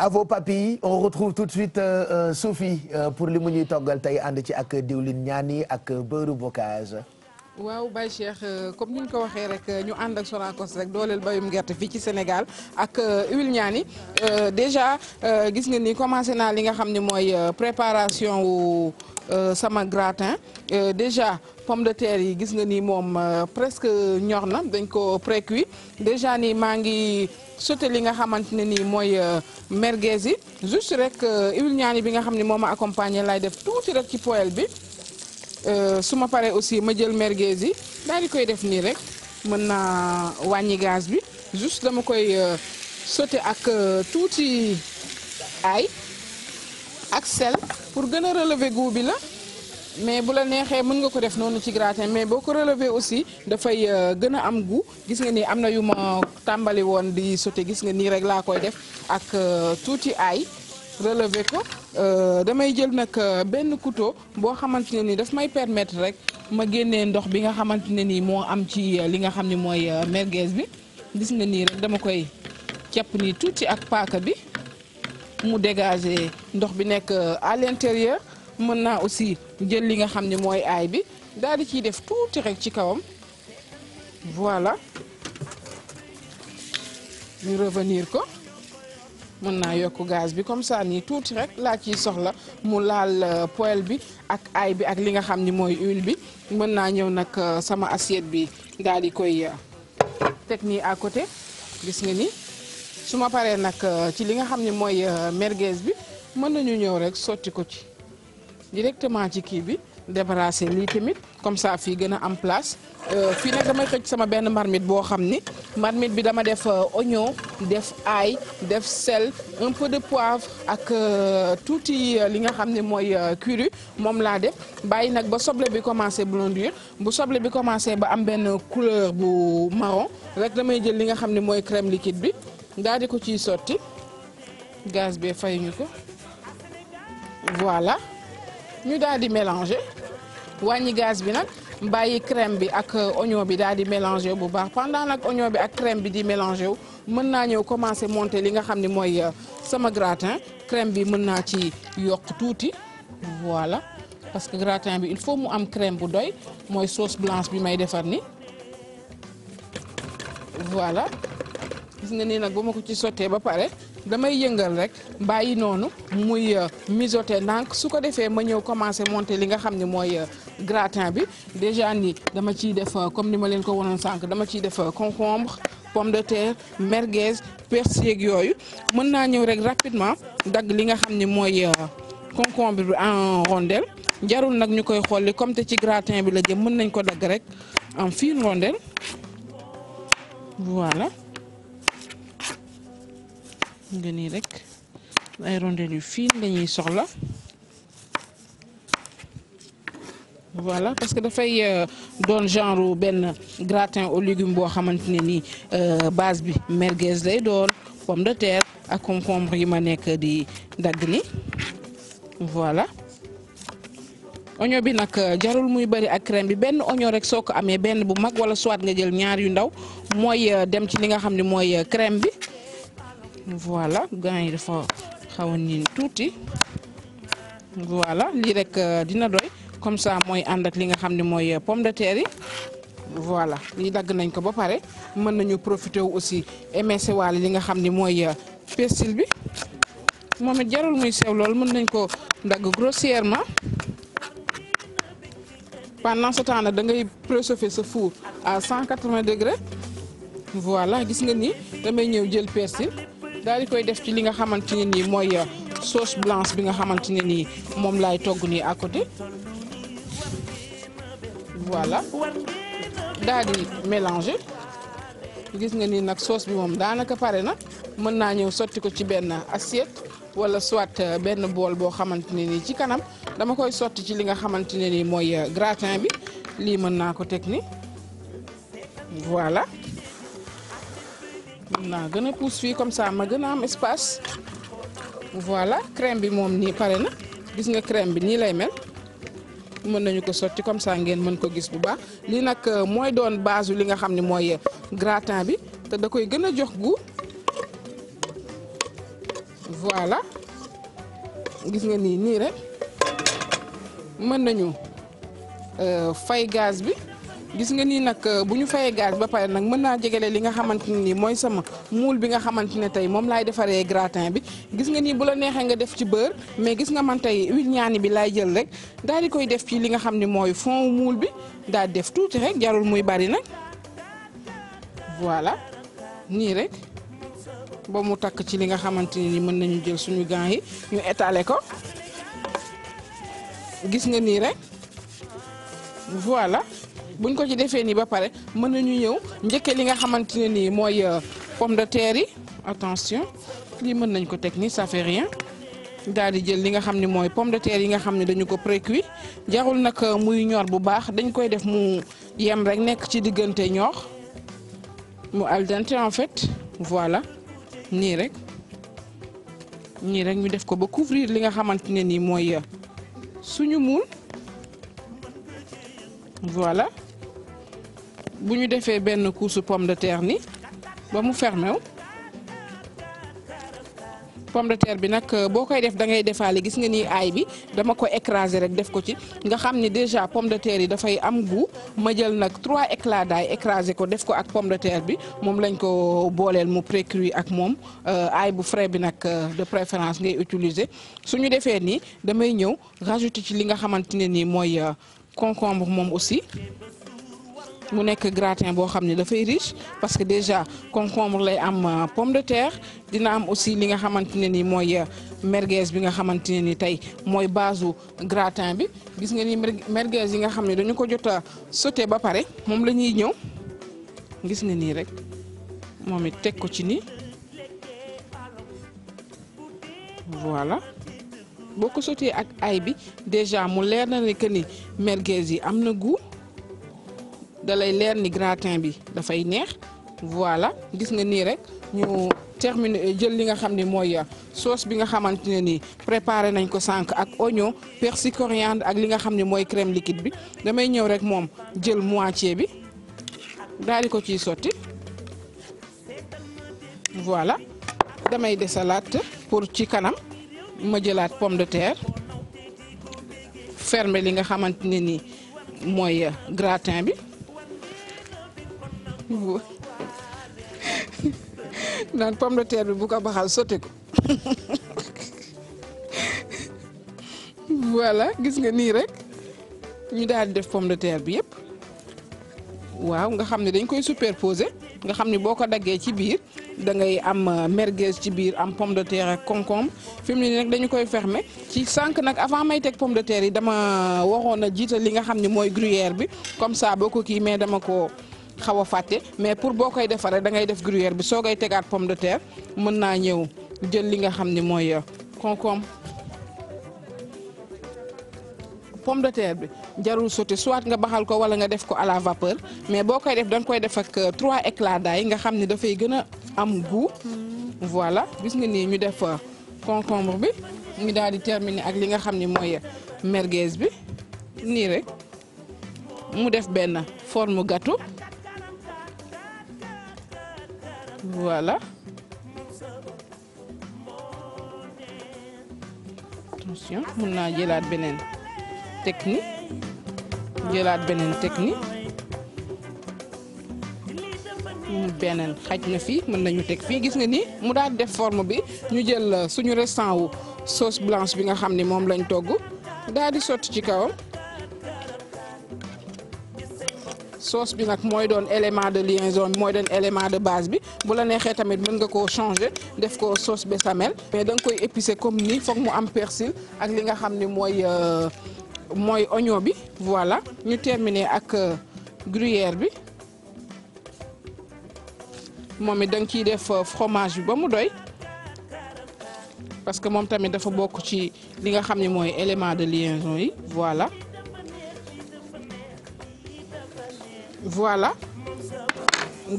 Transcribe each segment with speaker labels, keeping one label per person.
Speaker 1: à vos papilles on retrouve tout de suite euh, euh, euh, pour li mu ñuy toggal tey ànd ci ak diwlin ñaani ak beurre bocage. waaw Baye Cheikh euh, comme ni ko waxee rek ñu ànd ak Sonacos rek dooleel bayum gerte fii ci Sénégal ak huile ñaani déjà gis nga ni commencé naa li nga xam ne mooy préparation Euh, sama gratin euh, déjà pomme de terre yi gis nga ni moom euh, presque ñor na dañ ko précuit déjà ni maa ngi sauté li nga xamante ne nii mooy merguez yi juste rek huile ñaani bi nga xam ni moom ma accompagné lay def tuuti rek ci poêle bi su ma paree aussi ma jël merguez yi daal di koy def nii rek mën naa wàññi gaz bi juste dama koy sauté ak tuuti ail ak sel pour gën a relever goût bi la mais bu la neexee mën nga ko def noonu ci gratin mais boo ko relever aussi dafay euh, gën a am gu gis nga ni am na yu ma tàmbali woon di sauté gis nga nii rek laa koy def ak euh, tuuti aay relever ko euh, damay jël nag benn couteau boo xamante ne ni daf may permettre rek ma génnee ndox bi nga xamante ne nii moo am ci li nga xam ni mooy merguez bi gis nga nii rek dama koy capp nii tuuti ak paaka bi mu dégager ndox bi nekk euh, à l'intérieur mën naa aussi jël li nga xam ne mooy aay bi daal di ciy def tuuti rek ci kawam voilà ñu revenir ko mën naa yokk gaz bi comme ça nii tuuti rek laa ciy soxla mu laal euh, poêle bi ak aay bi ak li nga xam ni mooy huile bi mën naa ñëw nag euh, sama assiette bi daal di koy teg nii à côté gis nga ni. su ma paree nag euh, ci li nga xam ne mooy euh, merguez bi mën nañu ñëw rek sotti ko ci directement ci kii bi débarrasser lii tamit comme ça fii gën a am place euh, fii nag damay xëcc sama benn marmite boo xam ni marmite bi dama def oignon def ay def sel un peu de poivre ak tuuti li nga xam ne mooy curry moom laa def bàyyi nag ba soble bi commencé blondir bu soble bi commencé ba am benn couleur bu marron rek damay jël li nga xam ne mooy crème liquide bi. daal di ko ci sotti gaz bee fayuñu ko voilà ñu daal di mélanger wàññi gaz bi nag bàyyi crème bi ak euh, oignon bi daal di mélangé bu baax pendant nag oignon bi ak crème bi di mélangé wu mën naa ñëw commencer monter li nga xam ni mooy euh, sama gratin crème bi mën naa ci yokk tuuti voilà parce que gratin bi il faut mu am crème bu doy mooy sauce blanche bi may defar ni voilà gis nga nii nag bu ma ko ci sottee ba pare damay yëngal rek bàyyi noonu muy euh, mijoter ndànk su ko defee ma ñëw commencé monter li nga xam ne mooy euh, gratin bi déjà nii dama ciy def euh, comme ni ma leen ko wanoon sànq dama ciy def concombre pomme de terre merguez persil ak yooyu mën naa ñëw rek rapidement dagg li nga xam ne mooy concombre bi en rondelle njarul nag ñu koy xolli comme te ci gratin bi la jëm mën nañ ko dagg rek en fine rondelle voilà. nga nii rek ay rondelles yu fii lañuy soxla voilà parce que dafay euh, doon genre benn gratin aux légumes boo xamante ne nii euh, base bi merguez lay doon pomme de terre ak concombre yi ma nekk di dagg ni voilà oignon bi nag euh, jarul muy bari ak crème bi benn oignon rek soo ko amee benn bu mag wala soit nga jël ñaar yu ndaw mooy dem ci li nga xam ni mooy crème bi voilà gants yi dafa xaw a niin tuuti voilà lii rek euh, dina doy comme ça mooy ànd ak li nga xam ne mooy euh, pomme de terre yi voilà lii dagg nañ ko ba pare mën nañu profité wu aussi émincé waale li nga xam ni mooy euh, persil bi moom it jarul muy sew lool mën nañ ko dagg grossièrement pendant ce nag da ngay préchauffer sa four à 180 degrés voilà gis nga ni damay ñëw jël persil daal di koy def ci li nga xamante ne nii mooy euh, sauce blanche bi nga xamante ne nii moom laay togg nii à côté voilà daal di mélanger gis nga ni nag sauce bi moom daanaka pare na mën naa ñëw sotti ko ci benn assiette wala soit euh, benn bool boo xamante ne nii ci kanam dama koy sotti ci li nga xamante ne nii mooy euh, gratin bi lii mën naa ko teg ni voilà. mun naa gën a pousse fii comme ça ma gën a am espace voilà crème bi moom nii pare na gis nga crème bi nii lay mel mën nañu ko sotti comme saa ngeen mën ko gis bu baax lii nag euh, mooy doon base li nga xam ne mooy euh, gratin bi te da koy gën a jox goût voilà gis nga nii nii rek mën nañu euh, fay gaz bi. gis nga nii nag bu ñu fayee gaz ba pare nag mën naa jegele li nga xamante ne nii mooy sama muul bi nga xamante ne tey moom laay defaree gratin bi gis nga nii bu la neexee nga def ci beurre mais gis nga man tey huile ñaani bi laay jël rek daal di koy def ci li nga xam ne mooy fond moule bi daal def tuuti rek jarul muy bari nag voilà nii rek ba mu takk ci li nga xamante ne nii mën nañu jël suñu gants yi ñu étaler ko gis nga nii rek voilà. bu buñ ko ci defee nii ba pare mën nañu ñëw njëkkee li nga xamante ne nii mooy euh, pomme de terre yi attention lii mën nañ ko teg nii ça daal di jël li nga xam ni mooy pomme de terre yi nga xam ne dañu ko précuit jaxul nag euh, muy ñor bu baax dañ koy def mu yem rek nekk ci diggante ñor mu al dente en fait voilà nii rek ñii rek ñu def ko ba couvrir li nga xamante ne nii mooy euh, suñu muul voilà bu ñu defee benn couche pomme de terre ni ba mu fermé wu pomme de terre bi nag boo koy def da ngay defaale gis nga nii ay bi dama ko écraser rek def ko ci nga xam ni déjà pomme de terre yi dafay am goût ma jël nag trois éclats d'ail écraser ko def ko ak pomme de terre bi moom lañ ko booleel mu précuit ak moom euh, ay bu frais bi nag euh, de préférence ngay utiliser su ñu defee nii damay ñëw rajouter ci li nga xamante ne nii mooy euh, concombre moom aussi. mu nekk gratin boo xam ne dafay riche parce que déjà concombre lay am euh, pomme de terre dina am aussi li nga xamante ne ni mooy euh, merguez bi nga xamante ne ni tey mooy basu gratin bi gis nga ni merguez yi nga xam ne dañu ko jot a sauté ba pare moom la ñuy ñëw gis nga nii rek moom it teg ko ci nii voilà boo ko sauté ak ay bi déjà mu leer na ne que ni merguez yi am na goût da leer ni gratin bi dafay neex voilà gis nga nii rek ñu termine euh, jël li nga xam ne mooy euh, soos bi nga xamante ne nii préparer nañ ko sànq ak oignon persil coriandre ak li nga xam ne mooy crème liquide bi damay ñëw rek moom jël mois moitié bi daal di ko ciy sotti voilà damay desalaat pour ci kanam ma jëlaat pomme de terre ferme li nga xamante ne nii mooy euh, gratin bi. mbuur naan pomme de terre bi bu ko baxal sotti ko voilà gis nga nii rek ñu daal di def pomme de terre bi yëpp waaw nga xam ne dañ koy superposer nga xam ni boo ko daggee ci biir da ngay am euh, merguez ci biir am pomme de terre ak concombre fi mu ne nii nag dañu koy me ci sànq nag avant may teg pomme de terre yi dama euh, waxoon a jiital li nga xam ne mooy gruyère bi comme ça boo ko kii mais dama ko xaw a fàtte mais pour boo koy defaree da ngay def gruyère bi soo koy tegaat pomme de terre mën naa ñëw jël li nga xam ni mooy euh, concombre pomme de terre bi jarul sauté soit nga baxal ko wala nga def ko à la vapeur mais boo koy def da koy def ak euh, trois éclats d'ail nga xam ni dafay gën a am goût. voilà gis nga nii ñu def euh, concombre bi ñu daal di terminer ak li nga xam ni mooy merguez bi nii rek mu def benn forme gâteau. Voilà. attention mun naa jëlaat beneen technique jëlaat beneen technique beneen xaj na fii mën nañu teg fii gis nga ni mu daal def forme bi ñu jël suñu restant wu sauce blanche bi nga xam ni moom lañ togg daal di sotti ci kawam. sauce bi nag mooy doon élément de liaison bi mooy doon élément de base bi bu la neexee tamit mën nga koo changé def ko sauce béchamel mais da nga koy épicer comme nii foog mu am persil ak li nga xam ne mooy euh, mooy oignon bi voilà ñu terminer ak euh, gruyère bi moom it da nga ciy def euh, fromage bi ba mu doy parce que moom tamit dafa bokk ci li nga xam ne mooy élément de liaison yi voilà. voilà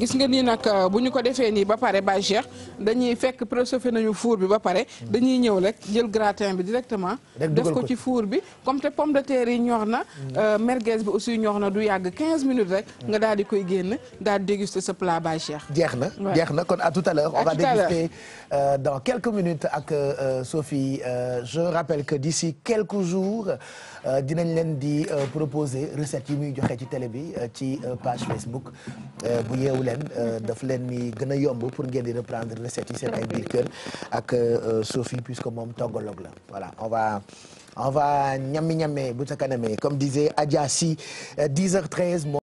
Speaker 1: gis nga nii nag euh, bu ñu ko defee nii ba pare ba Cheikh dañuy fekk préchauffé nañu four bi ba pare dañuy ñëw rek jël gratin bi directement def ko ci four bi comme te pomme de terre yi ñor na mm. euh, merguez bi aussi ñor na du yàgg quinze minutes rek mm. nga daal di koy génn daal di déguster ce plat bay Cheikh jeex na jeex na kon à tout à l'heure on va déguster euh, dans quelques minutes ak euh, Sophie je rappelle que d'ici quelques jours dinañ leen di proposer recette yi muy joxe ci télé bi ci page Facebook bu yeewu leen daf leen ni gën a yomb pour ngeen di reprendre la seeti seen ay biir kër ak euh, Sophie puisque moom toggaloog la voilà on va on va ñammi ñamme bu ca kanamee comme disait Adja Sy 10 euh, h